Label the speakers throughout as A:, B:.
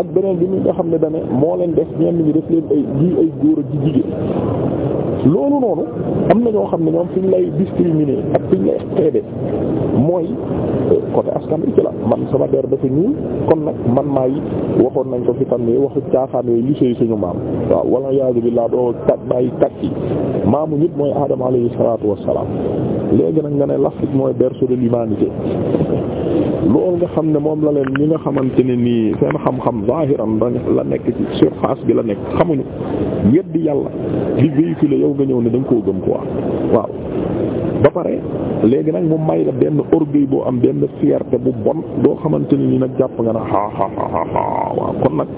A: ak beneen bi mi nga xam ne dane moo leen def ñenn ñi def leen ay ay góor a ji jigéen loolu noonu am na ñoo xam ne ñoom fi ñu lay discriminer ak fi ñu lay xeebe mooy euh, coté askan bi ci la man sama der dafa ñuul kon nag man maay waxoon nañ ko fi tam ne waxu caaxaan yooyu lisee yi suñu maam waaw walla yaazu laa doo kat bàyyi kat yi maamu ñëpp mooy aadama alayhi salaatu wassalaam léegi nag nga ne l'Afrique mooy berceau de l'humanité loolu nga xam ne moom la leen ñi nga xamante ne nii seen xam-xam zahiran la nekk ci surface bi la nekk xamuñu weddi yàlla di véhiculer yow nga ñëw ne da koo gëm quoi waaw ba pare léegi nag mu may la benn orgueil boo am benn fierté bu bon doo xamante ni nag jàpp nga ne ah ah ah waaw kon nag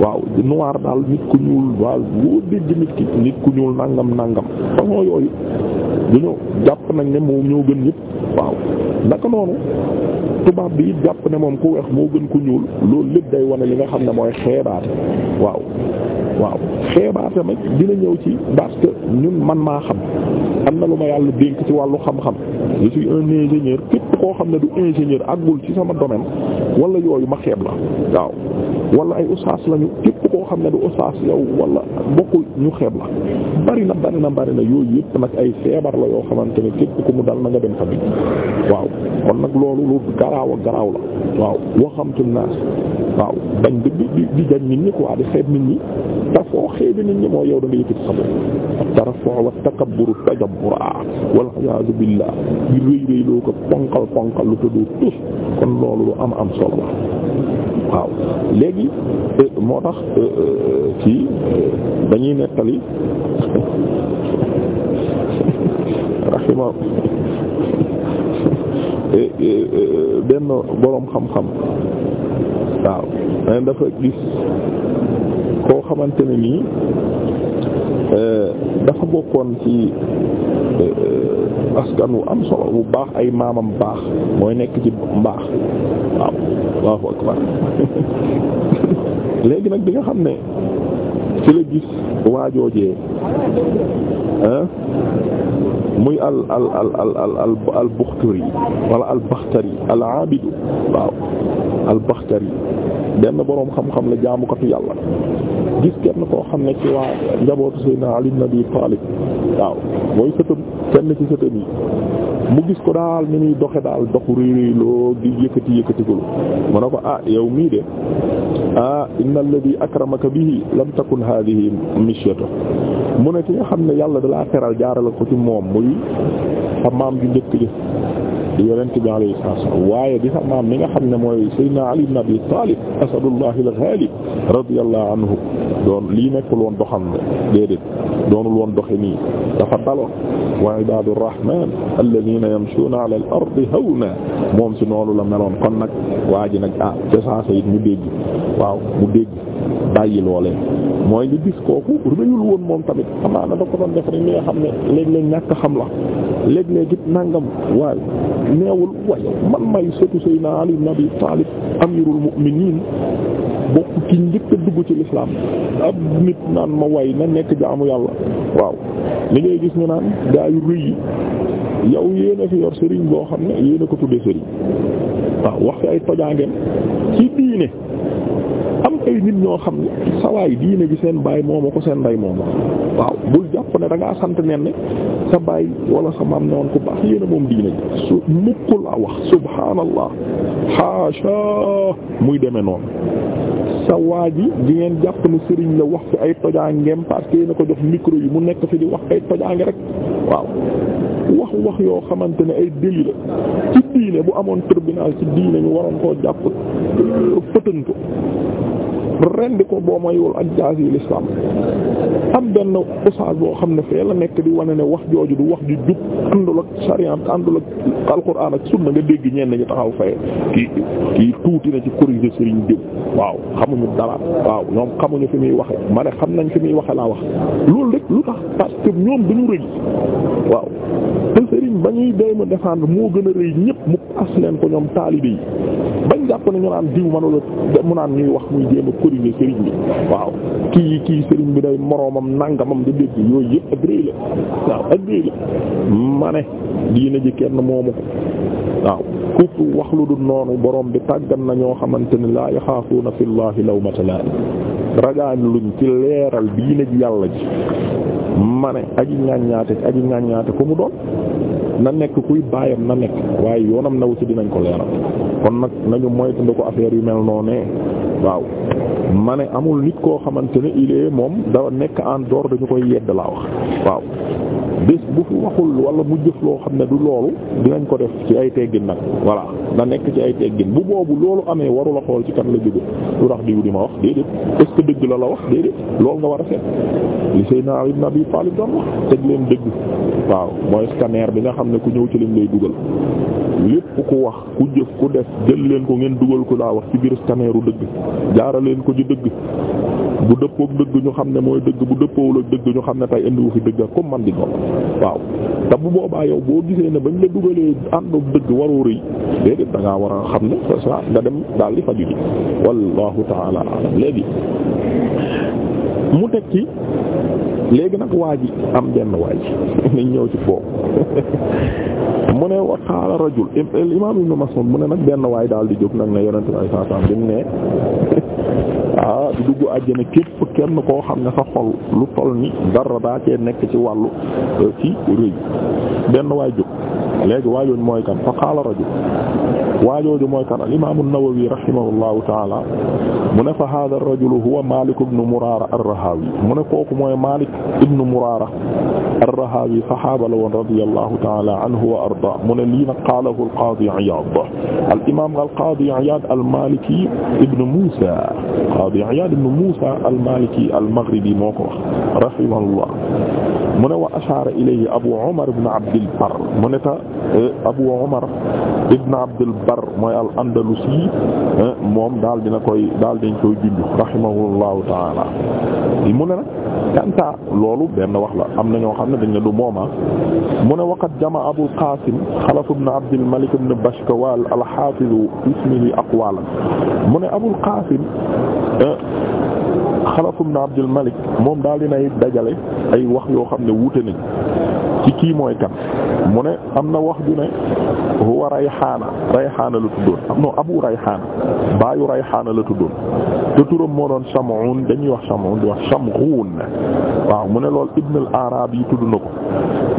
A: waaw noir daal nit ku ñuul waaw boo dégg nit ki nit ku ñuul nangam nangam façon yooyu du ñu jàpp nañ ne moom ñoo gën ñëpp waaw naka noonu tubaab bi it jàpp ne moom ku weex moo gën ku ñuul loolu lépp day wane li nga xam ne mooy xeebaate waaw waaw xeebaate nag dina ñëw ci parce que man maa xam am na lu ma yàlla dénk ci wàllu xam-xam je suis un ingénieur képp koo xam ne du ingénieur àggul ci sama domaine wala yooyu ma xeeb la waaw wala ay ustaas lañu képp koo xam ne du ustaas yow wala bokku ñu xeeb la bari na bari na bari na yooyu yëpp nag ay feebar la yoo xamante ne képp ko mu dal na nga dem tamit waaw kon nag loolu lu garaaw ak garaaw la waaw waxamtu naas waaw bañ di di di jañ nit ñi quoi di xeeb nit ñi tarfoo xeebi nit ñi mooy yow da nga yëkkati sa bopp tarfoo wa takabburu tajabbura wal a'yadu billah di rëy rëy loo ko ponkal ponkal lu tëddoo tus kon loolu lu am am solo la waaw léegi euh, moo tax euh, euh, kii dañuy nettali rahima benn boroom xam-xam waaw mais dafa gis koo xamante ne nii dafa bokkoon ci. askan wu am solo bu baax ay maamam baax mooy nekk ci mbaax waaw Allahu akbar léegi nag bi nga xam ne ci la gis waajoojee ah muy al al al al al al wala al Baxtari al Aabidu waaw al Baxtari benn boroom xam-xam la jaamukatu yàlla gis kenn koo xam ne ci waa njabootu Seydina Ali ibn Abi Talib waaw mooy sëtëm kenn ci sëtëm yi mu gis ko daal ni muy doxe daal doxu réeréy loo di yëkkati yëkkatikulu mu ne ko ah yow mii de ah inna alladhi akramaka bihi lam takun hadhihi mishyatu mu ne ki nga xam ne yàlla dalaa teral jaarale ko ci moom muy xam maam ju njëkk ji di yonent bi alayhi salaam waaye di sa maam mi nga xam ne mooy Seydina Ali ibn Abi Talib asadullahi al-ghalib radiyallahu anhu doon lii nekkul woon doxam ne déedéet doonul woon doxe nii dafa daloon wa ibaadu rahmaan alladhiina yamshuuna ala al-ardi hawnan moom si noonu la meloon kon nag waa ji nag ah ca saasa it mu dégg waaw mu dégg bàyyi loolee mooy nga gis kooku rëyul woon moom tamit amaana da ko doon def rek li nga xam ne léeg-léeg ñàkk xam la léeg-léeg it nangam waaye neewul wa yow man may sëtu Seydina Ali ibn Abi amirul mu'minin bokk ci njëkk a dugg ci lislaam ab nit naan ma way na nekk jaamu yàlla waaw li ngay gis ñu naan gaa yu rëy yi yow yéen fi yor sëriñ boo xam ne yéen ko tuddee sëriñ waaw wax fi ay tojaangeem ci diine am ay nit ñoo xam ne sawaay diine gi seen baay moomu ko seen ndey moomu waaw bul jàpp ne da ngaa sant nen sa bàyyi wala sa maam ne woon ku baax yéen a moom diine ji su mukk laa wax subhaanallah haasha muy demee noonu sa waa ji di ngeen jàpp ne sëriñ la wax fi ay tojaangem parce que yéen ko jox micro yi mu nekk fi di wax ay tojaange rek waaw wax wax yoo xamante ne ay déli la ci diine bu amoon tribunal ci diine ñu waroon koo jàpp fëtën ko rendi ko boo mayul ak jaasi l'islam am benn ustaas boo xam ne fee la nekk di wane ne wax jooju du wax ju jub àndul ak sariyaan àndul ak alxuraan ak sunna nga dégg ñenn ñu taxaw fay kii kii tuuti na ci corriger Serigne Diop waaw xamuñu dara waaw ñoom xamuñu fi muy waxe ma ne xam nañ fi muy waxe laa wax loolu rek lu tax parce ñoom duñu rëy waaw te sëriñ ba ñuy day ma moo gën a rëy ñëpp mu paas leen ko ñoom taalibe yi bañ jàpp nañu ñu naan diw manula mu naan ñuy wax muy jéem a corriger sëriñ bi waaw kii kii sëriñ bi day moroomam nangamam da dégg yooyu yëpp ak rëy waaw ak rëy ma ne diina ji kenn moomu ko waaw ku wax lu du noonu borom bi tàggat na ñoo xamante ne laa yaxaafuuna fi llahi lawmata luñ ci leeral diina ji yàlla ji ma ne aji ñaaññaate aji ñaaññaate ko mu doon na nekk kuy baayam na nekk waaye yoonam naw ci dinañ ko leeral kon nag nañu moytu ko affaire yu mel noonee waaw ma amul nit koo xamante ne il moom da nekk en dehors dañu koy yedd laa wax waaw bés bu fi waxul wala mu jëf loo xam ne du loolu dinañ ko def ci ay teggin nag voilà na nekk ci ay teggin bu boobu loolu amee waru la xool ci kan la jóge lu tax diw di ma wax déedéet est-ce dëgg la la wax déedéet loolu nga war a seet li Seydina Ali ibn Abi Talib doon wax teg leen dëgg waaw mooy scanner bi nga xam ne ku ñëw ci lañ lay dugal lépp ku wax ku jëf ku def jël leen ko ngeen dugal ko daa wax ci biir scanneru dëgg jaara leen ko di dëgg bu dëppook dëgg ñu xam ne mooy dëgg bu dëppoowul ak dëgg ñu xam ne tey indiwu fi dëgg ak man di doon waaw te bu boobaa yow boo gisee ne bañ la dugalee àndu dëgg waroo rëy déedéet da war a xam ne c'est nga dem daal di faju ji wallahu taala alam léegi mu teg ci léegi nag waa ji am benn waa ji ñëw ci boobu mu ne wa qaala rajul imaam ibn Mas'ud mu ne nag benn waay daal di jóg nag ne yonent bi sallallahu alayhi wasallam bi mu ne ah di dugg àjjana képp kenn koo xam ne sa xol lu toll ni dara daa nekk ci wàllu euh, ci rëy benn waay jóg léegi waajoon mooy kan fa qaala rajul waajooju mooy kan al imaamu Nawawi rahimahullahu taala mu ne fa hada ar-rajulu huwa Malik ibn Murara ar-Rahawi mu ne kooku mooy Malik ibn Murara ar-Rahawi saxaaba la woon radiyallahu taala anhu wa arda mu ne lii nag qaalahu al-Qaadi Iyaad al-imaam al-Qaadi Iyaad al-Maliki ibn Musa Qaadi Iyaad ibn Musa al-Maliki al-Maghribi moo ko wax rahimahullah mu ne wa ashaara ilayhi Abu Umar ibn Abd al-Barr mu ne ta eh, Abu Umar ibn Abdul Barr mooy al andalusi eh, moom daal dina koy daal dañ koy junj rahimahullahu taala mu ne nag kanta loolu benn wax la am na ñoo xam ne dañ ne du mooma mu ne waqat jama Abul Qasim Xalaf ibn Abdul Malik ibn Bashkawal al hafiz ismihi aqwalan mu ne Abul Qasim eh, Xalaf ibn Abdul moom daal dinay dajale ay wax yoo xam ne wuute nañ ci mooy kan mu ne am na wax ju ne huwa rayhaana rayhaana la tuddoon non abu rayhaana baayu rayhaana la tuddoon te turam moo doon sam'un dañuy wax sam'un di wax samghun waaw mu ne lool ibn al arabi tudd na ko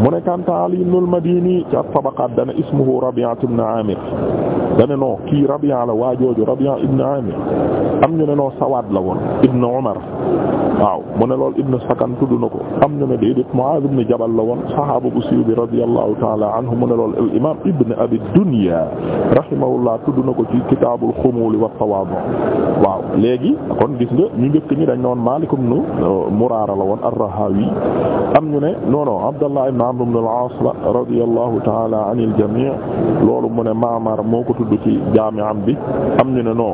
A: mu ne kanta ali ibn al madini ci tabaqaat dana ismuhu rabi'at ibn amir dane non kii rabi'a la waajooju rabi'a ibn amir am ñu ne noo la woon ibn umar waaw mu ne loolu ibnu Sakan tudd na ko am ñu ne déedéet Muaaz ibn Jabal la woon sahaaba bu siiw bi radiyallahu taala anhu mu ne loolu al imam ibn abi dunya rahimahullah tudd na ko ci kitaabul xumuuli wa tawaadu waaw léegi kon gis nga ñu njëkk ñi dañ noon Maalik ibn euh, Muraara la woon ar-Rahaawi am ñu ne non non Abdallah ibn Amr ibn al-Aas la loolu mu ne Ma'mar moo ko tudd ci jaami'am bi am ñu ne non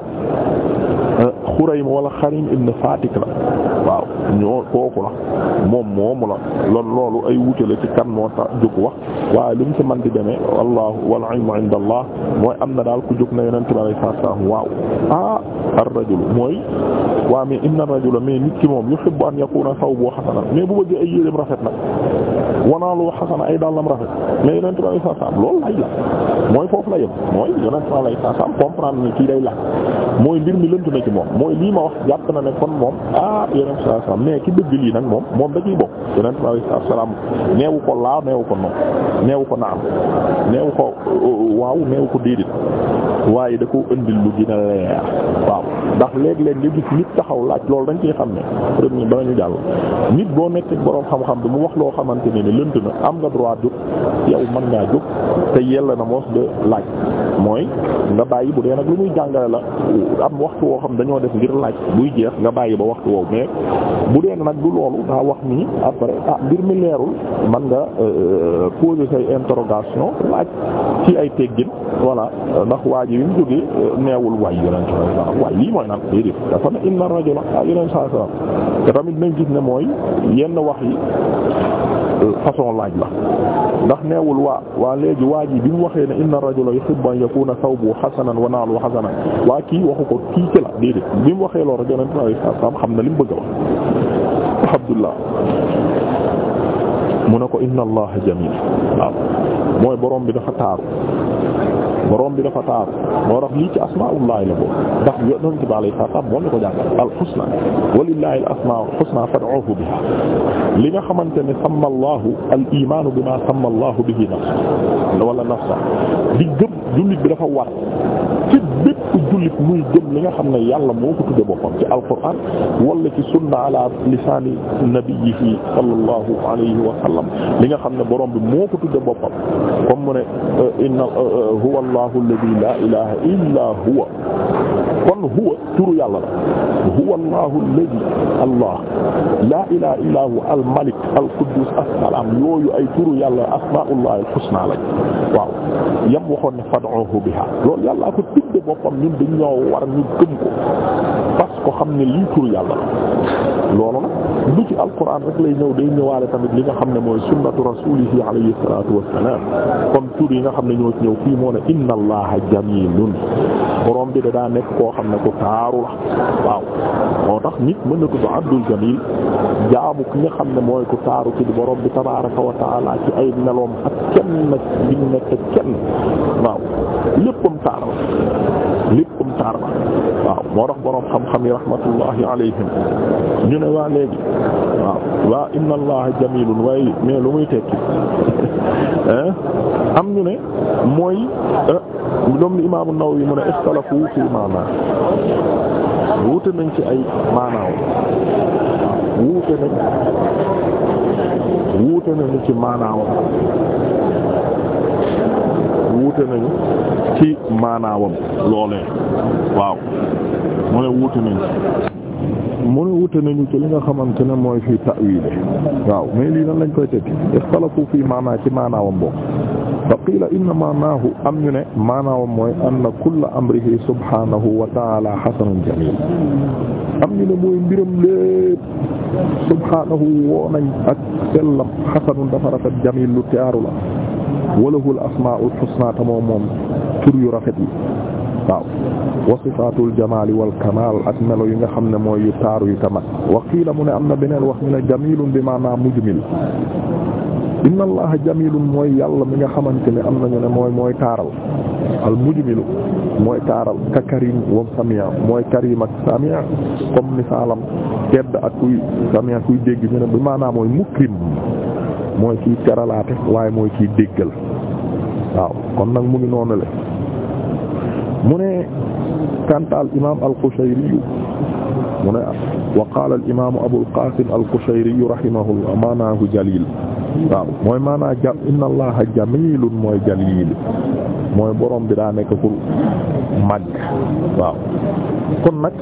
A: Xuraym wala Xarim ibn Fatik la waaw ñoo kooku la moom moomu la loolu loolu ay wutale ci kan moo tax jóg wax waaye lu mu ci man di demee wallaahu wal ilmu inda Allah mooy am na daal ku jóg na yonent bi alayhi salaam waaw ah ar-rajul mooy waa mais inna ar-rajula mais nit ki moom yuhibbu an yakuna thawbuhu hasanan mais bu bëggee ay yéreem rafet nag wanaalu xasana ay dàllam rafet mais yonent bi alayhi salaam loolu lay la mooy foofu la yem mooy yonent bi alayhi salaam comprendre ni kii day laaj mooy mbir mi lënt na ci moom mooy lii ma wax jàpp na ne kon moom ah yeneen sa salaam ki bëgg lii nag moom moom da ciy bokk yeneen saa salaam neewu ko laaw neewu ko noonu neewu ko naam neewu ko euh, ko déedéet waaye da ko ëndil waaw ndax léeg-léeg nga gis nit taxaw laaj loolu xam ne premier ba nañu jàll nit boo nekkee boroom xam-xam mu wax loo xamante ne ni lënt na am nga droit yow mën ngaa te yella na moos de laaj mooy nga bàyyi bu dee nag lu muy jàngale la am waxtu woo xam dañoo def ngir laaj buy jeex nga bàyyi ba waxtu woowu mais bu dee nag du loolu daa wax nii après ah mbir mi leerul man nga euh, poser say interrogation laaj ci ay teggin voilà ndax waa ji bi mu jógee euh, neewul waay yeneen saa yi waaw waay lii mooy naan déedéet dafa ne inna rajula ah, te tamit nañ gis ne mooy yenn wax yi. Euh, façon laaj la ndax neewul waa waa léegi waa ji bi mu waxee ne inna rajula yuhibbu an yakuna thawbu hasanan wa naalu hasanan waa kii waxu ko kii ci la déedéet bi mu waxee loolu rek yonent bi alayhi salaatu salaam xam na li mu bëgg a wax Abdullah mu ne ko inna allaha jamil waaw mooy borom bi dafa taaru borom bi dafa taaru moo tax lii ci asmaullahi la boobu ndax yonent bi alayhi salaatu salaam moo ñu ko jàngal al husna walillahi al asmaul husna fad'uhu biha li nga xamante ne samma allahu al imaanu bima samma allahu bihi nafsa wala nafsa di gëm jullit bi dafa war jullit muy gëm li nga xam ne yàlla moo ko tudde boppam ci alquran wala ci sunna ala lisaani nabiyyihi sallallahu alayhi wa sallam li nga xam ne borom bi moo ko tudde boppam comme mu ne la ilaha kon huwa turu yàlla la huwa allahu alladi allah laa ilaha illa huwa al malik al quddus assalaam ay turu yàlla asmaullah al husna lañ waaw yam waxoon ne fad'uhu biha loolu yàllaa ko tudde boppam ñun dañ ñoo war ñu gëm ko parce que xam ne lii turu yàlla la loolu nag du ci alquran rek lay ñëw day ñëwaale tamit li nga xam ne mooy sunnatu rasulihi alayhi salatu wassalam comme tur yi nga xam ne ñoo ci ñëw fii moo ne inna allaha jamilun borom bi daa nekk koo xam ne ku taaru la waaw moo tax nit mën na tudd abdul jamil jaamu ki nga xam ne mooy ku taaru ci di borom bi tabaaraka wa taala ci ay meloom ak kenn bi nekk kenn waaw léppam taar la léppam taar la waaw moo tax boroom xam-xam yi waa léegi waaw waa inna allaha lu muy tekki am ñu ne mooy doom euh, li imaamu Nawawi mu ne ixtalafu fi maanaa wuute nañ ci ay maanaaw wuute nañ wuute nañu ci maanaawam wuute nañu ci maanaawam loolee waaw mu ne wuute nañu mu ne wuute nañu ci li nga xamante ne mooy fii ta'wil waaw mais lii nan lañ koy tekki ixtalafu fii maanaa ci maanaawam boobu fa qiila inna am maanaawam mooy anna kulla amrihi subhaanahu wa ta'ala hasanun jamil am ñu ne mooy mbiram lépp subhaanahu woo nañ ak sellam hasanun dafa rafet jamil lu taaru la walahul asmaa'ul husnaa te moom moom tur yu rafet yi waaw wa sifaatul jamaali wal kamaal ak melo yi nga xam ne mooy yu taaru yu tamat wa qiila mu ne am na beneen wax ñu ne jamiilun bi maanaa mujmil inna allaha jamilun mooy yàlla mi nga xamante ne am nañu ne mooy mooy taaral al mujmilu mooy taaral ka karim wam samia mooy karim ak samia comme misaalam tedd ak kuy samia kuy dégg ñu ne bi maanaam mooy mukrim mooy kiy teralaate waaye mooy kiy déggal waaw kon nag mu ngi noonu le mu ne kanta al imam al Qushayri mu ne wa qaala al imaamu Abul Qaasim al Qushayri rahimahullah maanaahu jalil waaw mooy maanaa ja inna allaha jamilun mooy jalil mooy borom bi daa nekk pour màgg waaw kon nag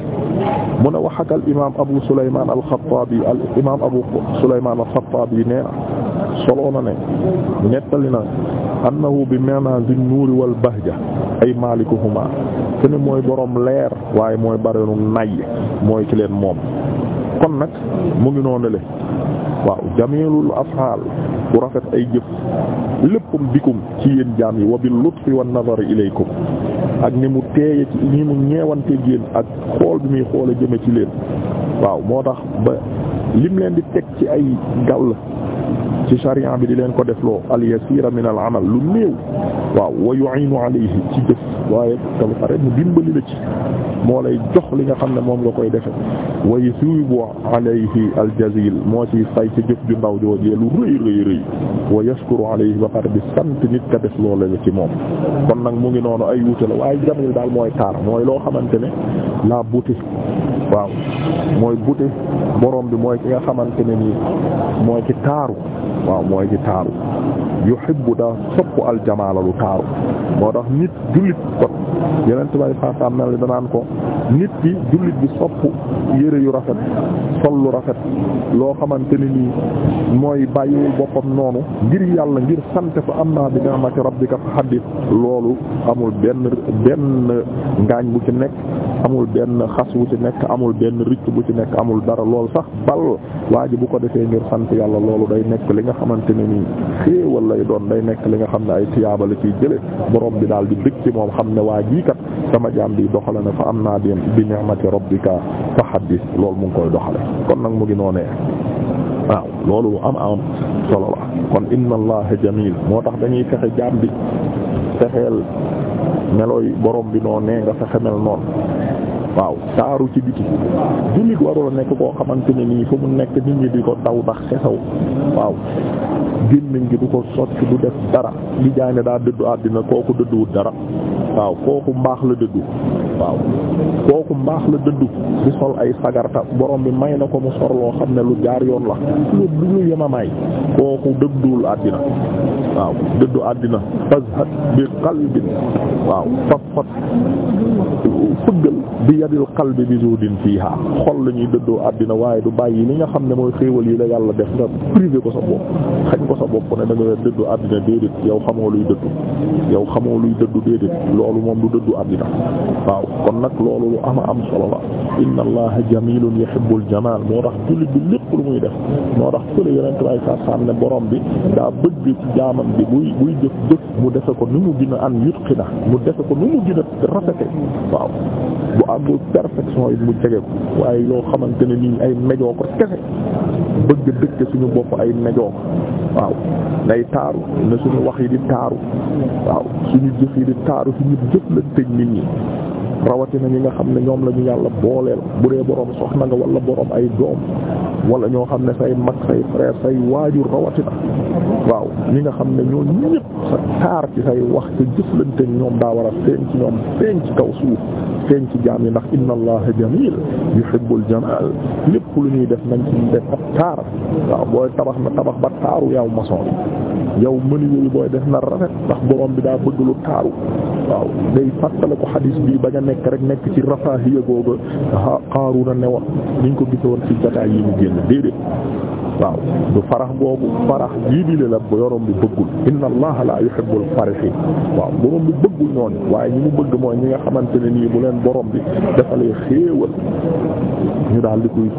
A: mu ne wax ak al imaam Abu Souleymane al Khattabi al imaam Abu Souleymane al Khattabi ne soloo na ne nettali na annahu bi manazil nuuri wal bahja ay malikuhuma te ne mooy borom leer waaye mooy barenu nay mooy ki leen moom kon nag mu ngi noonu le waaw jamilul afhaal bu rafet ay jëf léppam dikum ci yéen jaam yi wa bil lutfi wan nazari ilaykum ak ni mu teeye ci ni mu ñeewante yéen ak xool bi muy xoole jëme ci leen waaw moo tax ba lim leen di teg ci ay gàll ci sharia bi di leen ko defloo al yasira min al amal lu néew waaw wa yu'inu alayhi ci jëf waaye te bu pare mu dimbali la ci moo lay jox li nga xam ne moom nga koy defe wa yusibu alayhi al jazil moo ci fay ci jëf ju ndaw joojee lu rëy rëy rëy wa yashkuru alayhi ba pare di sant nit ka def loola la ci moom kon nag mu ngi noonu ay wuute la waaye jamil daal mooy taar mooy loo xamante ne laa beauté waaw mooy bute borom bi mooy ki nga xamante ne nii mooy ci taaru waaw mooy ci taaru yuhibbu da sopp al jamaala lu taaru moo tax nit jullit kon yeneen tubaab saa saa mel ko nit bi sopp yére yu rafet sol lu rafet loo xamante ne nii mooy bàyyi boppam noonu ngir yàlla ngir sant fa am naa bi ni'mati rabbika fa haddith loolu amul benn benn ngaañ bu ci nekk. amul benn xas wu ci nekk amul benn ricc bu ci nekk amul dara lool sax bal waa ji bu ko defee ngir sant yàlla loolu day nekk li nga xamante ne nii xéewal lay doon day nekk li nga xam ne ay tiyaaba la ciy jële borom bi daal di bëgg ci moom xam ne waa jii kat sama jaam bi doxale na fa am naa bi bi ni'mati rabbika fa haddith loolu mu ngi koy doxale kon nag mu ngi noonee waaw loolu am am solo la kon inna allaha jamil moo tax dañuy fexe jaam bi fexeel melooy borom bi noonu nee nga fexe waaw taaru ci biti jullit warul nekk koo xamante ne nii fu mu nekk nit ñi di ko daw ndax xesaw waaw gémmiñ gi du ko socc du def dara di jaay ne daa dëddu àddina kooku dëdduwut dara waaw kooku mbaax la dëddu waaw kooku mbaax la dëddu di sol ay sagarta borom bi may na ko mu sorloo xam ne lu jaar yoon la lu lu yemamaay kooku dëdduwul àddina waaw dëddu àddina fazhad bi qalbin waaw fat fat fëggal bi yadil qalbi bi zudin fiha xol la ñuy dëddoo àddina waaye du bàyyi li nga xam ne mooy xéewal yi la yàlla def nga privé ko sa bopp xañ ko sa bopp ne da nga dëddu àddina déedéet yow xamoo luy dëddu yow xamoo luy dëddu déedéet loolu moom du dëddu àddina waaw kon nag loolu lu ama am solo la inna allaha jamilun yuhibbul jamal moo tax jullit bi lépp lu muy def moo tax fële yonentu way sa sam ne borom bi borom bi buy buy jëf jëf mu defe ko nu mu gën a an yutqina mu defe ko ni mu gën a rafete waaw bu amul perfection yi mu jege ko waaye yoo xamante ne nii ay mejoo ko kese bëgg dëkk suñu bopp ay mejoo ko waaw nay taaru na suñu wax yi di taaru waaw suñu jëf yi di taaru suñu jëf la tëj nit ñi rawatina ñi nga xam ne ñoom la ñu yàlla booleel bu dee boroom soxna nga wala boroom ay doom wala ñoo xam ne say mag say frère say waajur rawatina waaw ñi nga xam ne ñoo ñëpp sa taar ci say wax ci jëflante ñoom daa war a feeñ ci ñoom feeñ ci kaw suuf feeñ ci jaam yi ndax inna allaha jamil yuhibbul jamal lépp lu ñuy def nañ ci def a taar waaw booy tabax na tabax ba taaru yaw maçon yow mënuñu booy def na rafet ndax boroom bi daa bëgg lu taaru waaw day fàttale ko xadiis nekk rek nekk ci rafaahiya googu Qaaruuna ne woon niñ ko gisoon ci jotaay yi ñu génn déedéet waaw du farax boobu farax jiibile la borom bi bëggul inna allaha la yuhibbul farihin waaw borom bi bëggul ñooñu waaye bëgg mooy ñi nga xamante ne nii bu leen borom bi defalee xéewal ñu daal di koy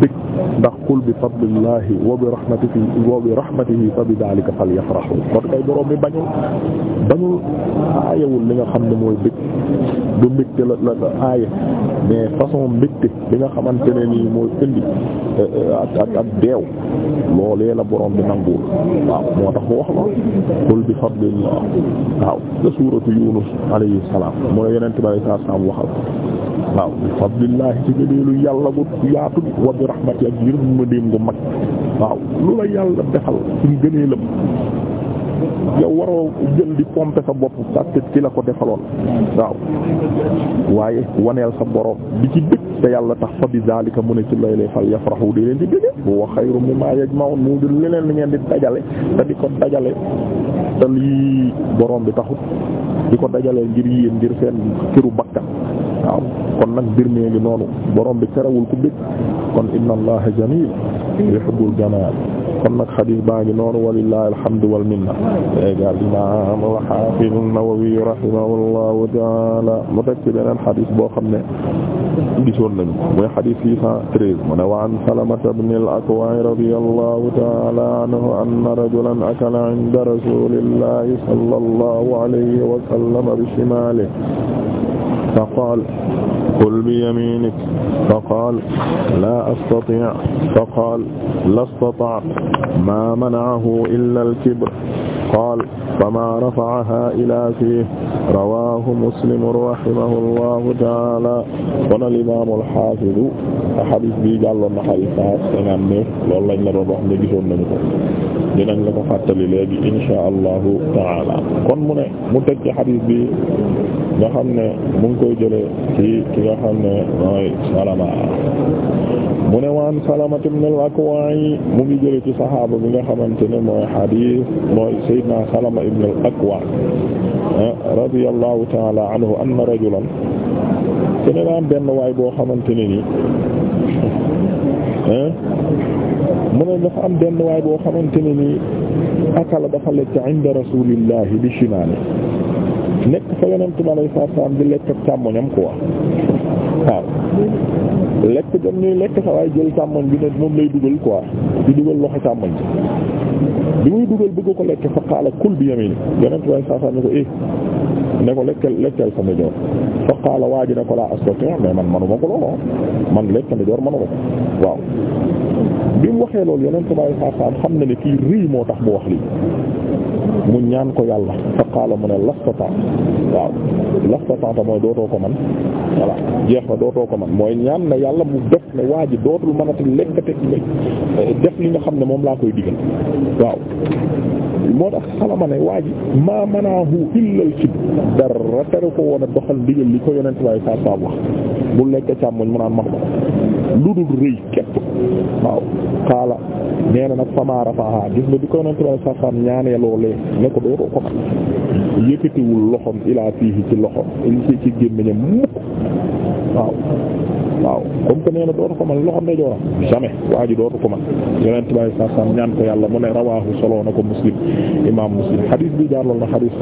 A: bég ndax qul bi fadlillahi wa bi rahmatihi wa bi rahmatihi fa bi dhalika falyafrahu kon kay borom bi bañul bañul aayewul li nga xam ne mooy bég du mbégte la la mais façon mbégte bi nga xamante ne nii mooy indi euh, ak ak deew loolee la borom bi nanguwul waaw moo tax mu wax la qul bi fadlillah waaw la suuratu yunus alayhi salaam mu ne yonent bi alayhi salaam waxal waaw bi fadlillahi ci ngëneelu yàlla bu yaatu wa bi rahmati ak yërmandeem gu mag waaw lu la yàlla defal ci ngëneelam yow waroo jël di pomper sa bopp parce ki la ko defaloon waaw waaye waneel sa borom di ci dëkk te yàlla tax fa bi zalika mu ne ci lay lay fal yafrahu di leen di dégg wa xayru mimma yajma'un mu di leneen li ngeen di dajale te di ko dajale te lii boroom bi taxut di ko dajale ngir yéen ngir seen këru bakkan waaw kon nag mbir mi ngi noonu boroom bi terewul ku bëgg kon inna allaha jamil yuhibbul jamal kon nag xadis baa ngi noonu walillahi alhamdu wal minna léegi al imaam al xaafiz an-Nawawi rahimahullahu taala mu teg ci beneen xadis boo xam ne gisoon nañu mooy xadis six cent treize mu ne wa an Salamata ibn al-Akwa' radiyallahu taala anhu anna rajulan akala 'inda rasulillahi sallallahu alayhi wa sallam bi shimalihi فقال قل بيمينك فقال لا أستطيع فقال لا استطعت ما منعه إلا الكبر قال فما رفعها إلى فيه رواه مسلم رحمه الله تعالى kon al imaam al haafiz xadis bi jàlloon na xadis cent cinquante-neuf loolu lañ la doon wax nga gisoon nañu ko dinañ la ko fàttali léegi inshaa Allahu taala kon mu ne mu teg ci xadis bi nga xam ne mu koy jële ci ki nga xam ne mooy Salama mu ne waan Salama ibn al mu ngi jële ci saxaaba bi nga xamante ne mooy hadith mooy Seydina Salama ibn al-Akwa' ah, radiyallahu ta'ala anna rajulan kene waay boo xamante ne nii ah, mu ne waay boo xamante ni nii akala dafa lekk inda rasulillahi bi shimaali nekk fa yonent bi alayhi salaam di lekk càmmoñam quoi waaw lekk jëm ñuy lekk sa waaye jël càmmoñ bi ne moom lay dugal quoi di dugal loxo càmmoñ bi muy dugal bëgg ko lekk fa qaala kul bi yamiini yonent bi alayhi ne ko eh ne ko lekkel lekkel sa ndijoor waa ji ne ko laa astati' mais man manuma ko looloo man lekk ndijoor manuma ko waaw bi mu waxee loolu yonent bi alayhi salaam xam na ne kii rëy moo tax bu wax lii mu ñaan ko yàlla fa qaala mu ne lastata waaw lastata mooy dootoo ko man voilà jeex na dootoo ko man mooy ñaan na yàlla mu def ne waa ji dootul mënati lekkate def li nga xam ne moom laa koy digal waaw moo tax xalama ne waa ji maa manaahu illal cib dara tere ko woon a doxal ndigal li ko yonent waaye saa saa wax bu lekk càmmoñ mu naan max ma ko lu dul rëy képp waaw xaala nee na nag fama rafaha gis nga bi ko yonente bi sa sam ne ko dootoo ko man yëkkatiwul loxom ilaa fiihi ci loxo il ci ci gémmiñam mukk waaw waaw comme que nee dootu ko man loxom ne jooram jamais waa dootu ko man yonente yàlla mu ne rawahu soloo na ko muslim imam muslim xadiis bi jàlloon na xadiis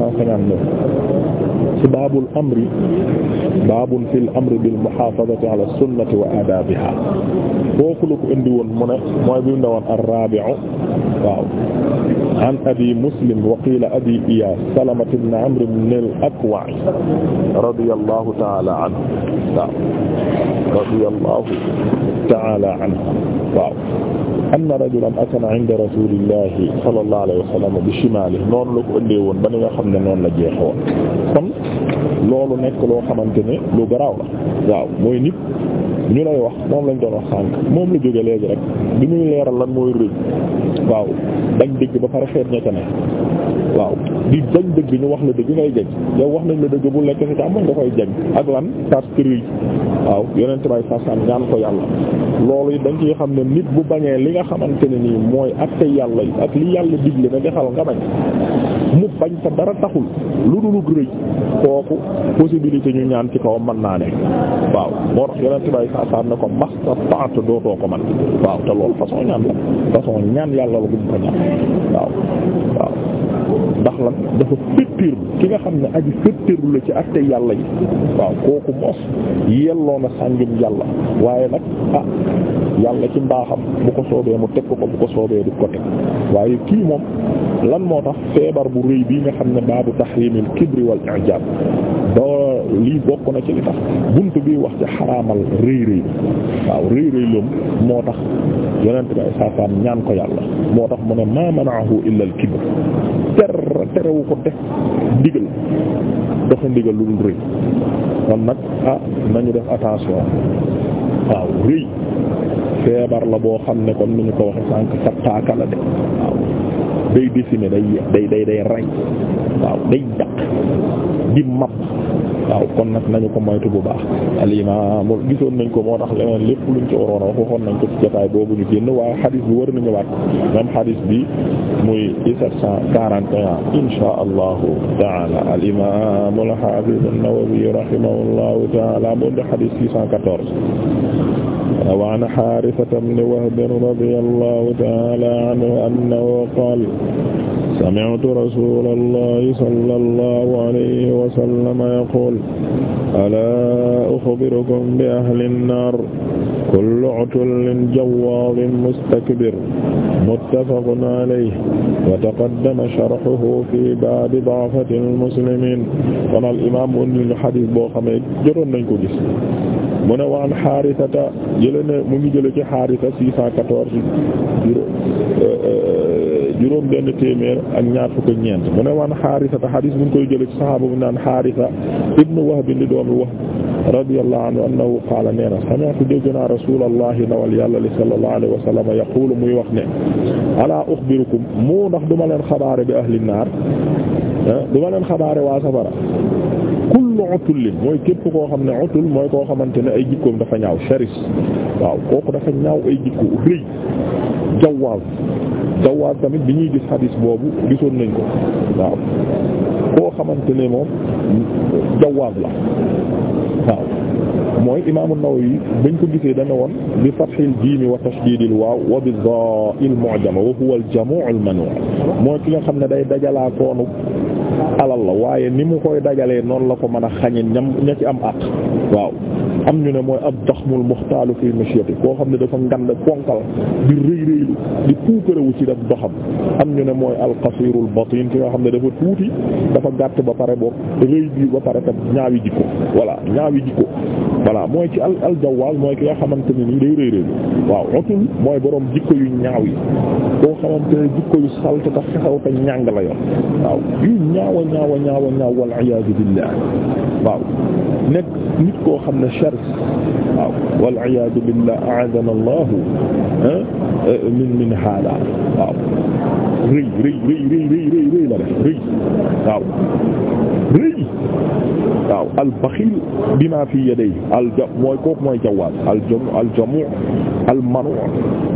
A: ci baabul amri baabun fil amri bil muhaafazati ala sunnati wa adaabiha foofu la ko indi woon mu ne mooy bi mu ne woon ar-rabi'u waaw an abi muslim wa qila abi iyas salamat ibn amr ibn al-akwa' radiyallahu ta'ala anhu waaw radiyallahu ta'ala anhu waaw anna rajulan akala 'inda rasulillahi sallallahu alayhi wa sallam bi shimalihi noonu la ko indee woon ba ni nga xam ne noonu la jeexee woon kon loolu nekk loo xamante ne lu garaaw la waaw mooy nit ñu lay wax moom lañ doon wax sànk moom la jóge léegi rek bi ñuy leeral lan mooy rëy waaw dañ dégg ba pare xeet ña ca ne waaw di jañ dëgg ñu wax la dëgg ngay jañ yow wax nañ la dëgg bu lekk ci tam nga koy jañ ak lan parce que waaw yonent bay sasam ñaan ko yàlla loolu dañ ciy xam ne nit bu bañee li nga xamante ne nii mooy atte yàlla yi ak li yàlla digle nga defal nga bañ mu bañ ta dara taxul lu dulug rëy kooku possibilité ñu ñaan ci kaw mën naa ne waaw moo tax yonent bay sasam ne ko masta paat dootoo ko man waaw te loolu façon ñaan la façon ñaan yàlla la bu ñu ko ñaan waaw lan dafa féttéerlu ki nga xam ne aji bu la ci atte yàlla yi waaw kooku moos yelloo na sànjum yàlla waaye nag ah yàlla ci mbaaxam bu ko soobee mu teg ko bu ko soobee du ko teg waaye kii moom lan moo tax feebar bu rëy bii nga xam ne baabu tahrimil kibri wal i'jab doo lii bokk na ci li tax bunt bi wax ci xaraamal rëy rëy waaw rëy rëy moo tax yonent bi ay saasaam ñaan ko yàlla moo tax mu ne ma manaahu illa al dara terewu ko def ndigal doxe ndigal lu dul rëy kon nag ah nañu def attention waaw rëy feebar la boo xam ne kon ni ñu ko waxe sànq tattaaka la de day décimer day day day day waaw day daq di mab waaw kon nag nañu ko moytu bu baax alimaam gisoon nañ ko moo tax leneen lépp luñ ci waroon wax waxoon nañ ko ci jotaay boobu ñu génn waaye xadis bi war nañu waat même xadis bi muy 741 inshaa allahu taala alimaam al-Haafiz an-Nawawi rahimahullahu taala moo di xadis 614 wa an Haarisata ibn Wahb radiyallahu ta'ala anhu annahu qaala sami'tu rasuulallahi sallallahu alayhi wa sallam yaquulu alaa uxbirukum bi ahli nnaar kullu 'utullin jawwaazin mustakbirin muttafaqun alayhi wa taqaddama sharhuhu fi baabi da'fatil muslimiin kon al imaam mu ngi leen di xadis boo xamee jotoon nañ ko gis. mu ne waan xaarisata jële ne mu ngi jële ci xaarisa six cent quatorze juróom euh, euh, benn téeméer ak ñaar fukk ak ñeent mu ne waan xaarisata xadiis bu ñu koy jële ci saxaaba bu naan xaarisa ibnu Wahb di doomi Wahb radiyallahu anhu annahu qaala nee na sami'tu dégg naa rasulallahi ndawal yàlla li sallallahu alayhi wa sallam yaqulu muy wax ne alaa uxbirukum mu ndax duma leen xabaare bi ahli naar ah, duma leen xabaare waa safara kullu mooy képp koo xam ne mooy koo xamante ne ay jikkoom dafa ñaaw sharis waaw kooku dafa ñaaw ay jikko rëy jawaaz jawaaz tamit bi ñuy gis xadis boobu gisoon nañ ko waaw koo xamante ne moom jawaaz la waaw mooy imaam an-Nawawi bañ ko gisee dana woon bi fathil jiim wa tashdidil waaw wa bi dhaa'il mu'jama mooy ki nga xam ne day dajalaa koonu alal la waaye ni mu koy dajalee noonu la ko mën a xañe ñam ña ci am àq waaw am ñu ne mooy ab daxmul muxtaalu fi mashyati koo xam ne dafa ngand ponkal di rëy rëylu di puukarewu ci def doxam am ñu ne mooy alqasirul batin ki nga xam ne dafa tuuti dafa gàtt ba pare boog rëy bi ba pare tam ñaawi jikko voilà ñaawi jikko voilà mooy ci al al jawwal mooy ki nga xamante ne nii day rëy rëylu waaw otul mooy boroom jikko yu ñaaw yi koo xamante ne jikko yu salte te xesaw te ñàng la yor waaw yu ñaawa ñaawa ñaawa ñaaw a iyaadu billah waaw nekk nit koo dars waaw waliyaadu billah aadana allahu ah, eh, min min hada waaw rëy rëy rëy rëy rëy rëy rëy la def rëy waaw rëy waaw albaxil bima fi yadayhi alja mooy kooku mooy jawaaz aljam aljamu almanu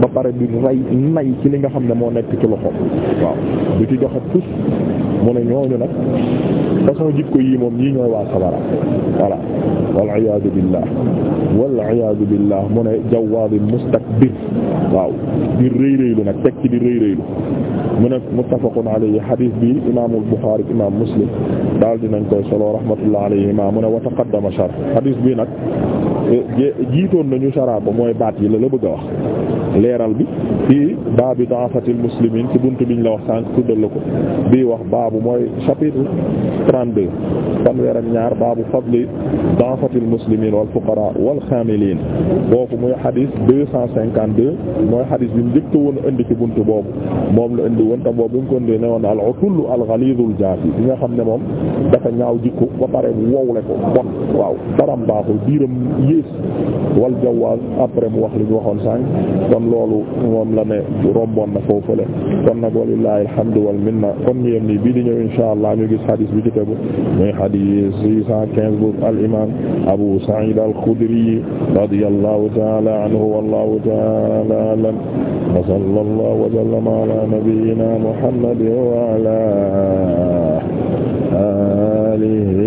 A: ba pare di ray nay ci li nga xam ne moo nekk ci loxo waaw du ci joxe tus mu ne ñooñu nag façon jikko yii moom ñii ñooy waa sawara voilà wal iyaadu billah wal iyaadu billah mu ne jawwaadin mustakbir waaw di rëy rëylu nag teg ci di rëy rëylu mu ne muttafaqun alayhi hadith bi imaamul Buxaari imaam Muslim daal dinañ koy solo rahmatullah alayhima mu ne wa taqaddama shar hadith bi nag eh, jiitoon nañu shara ba mooy baat yi la la bëgg a wax leeral bi fii baabi da'fatil muslimiin ci bunt bi biñ la wax sànq tuddal la ko bii wax baabu mooy chapitre 32 fanweer ak ñaar baabu fadli da'fatil muslimiin wal fuqaraa wal xaamiliin boobu muy xadis 252 mooy xadis bi mu njëkk woon indi ci bunt boobu moom la indi woon te boobu bi mu ko indee ne woon al utullu al ghaliizul jaafi bi nga xam ne moom dafa ñaaw jikko ba pare wowle ko bon waaw daram baaxul biiram yées wal jawaaz après mu wax li waxoon sànq comme loolu moom la ne romboon na foofu la kon nag walillahi alhamdu wal minna kon ñu yem nii bii di ñëw insha allah ñu gis hadis bi ci tegu muy hadis 615 bu al imam Abu Sa'id al-Khudri radiyallahu ta'ala anhu wallahu ta'ala a'lam wa sallallahu wa sallama ala nabiyyina Muhammad wa ala alihi